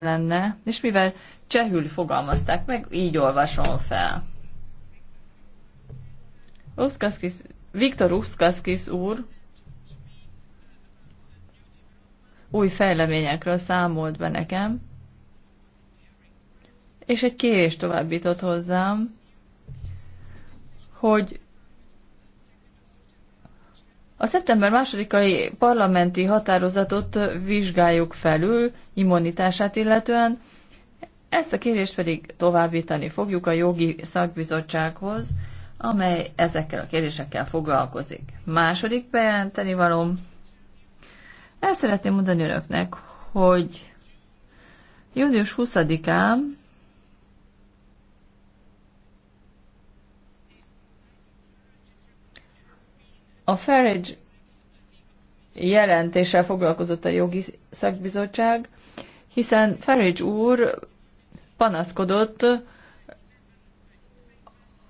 lenne, és mivel csehül fogalmazták meg, így olvasom fel. Uszkaszkis, Viktor Uszkaszkis úr új fejleményekről számolt be nekem, és egy kérést továbbított hozzám, hogy a szeptember másodikai parlamenti határozatot vizsgáljuk felül immunitását illetően, ezt a kérést pedig továbbítani fogjuk a jogi szakbizottsághoz, amely ezekkel a kérdésekkel foglalkozik. Második bejelenteni valóm. El szeretném mondani önöknek, hogy június 20-án A Farage jelentéssel foglalkozott a jogi szakbizottság, hiszen Farage úr panaszkodott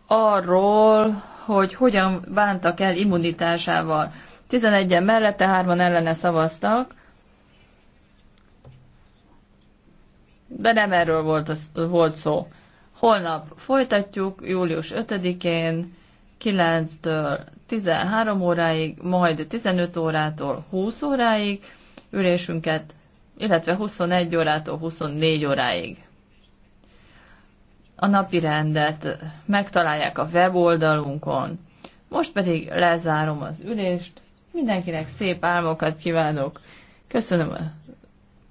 arról, hogy hogyan bántak el immunitásával. 11-en mellette, 3-an ellene szavaztak, de nem erről volt, az, volt szó. Holnap folytatjuk, július 5-én, 9-től 13 óráig, majd 15 órától 20 óráig, ülésünket, illetve 21 órától 24 óráig. A napi rendet megtalálják a weboldalunkon. Most pedig lezárom az ülést. Mindenkinek szép álmokat kívánok. Köszönöm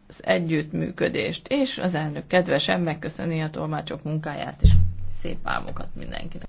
az együttműködést, és az elnök kedvesen megköszöni a tolmácsok munkáját, és szép álmokat mindenkinek.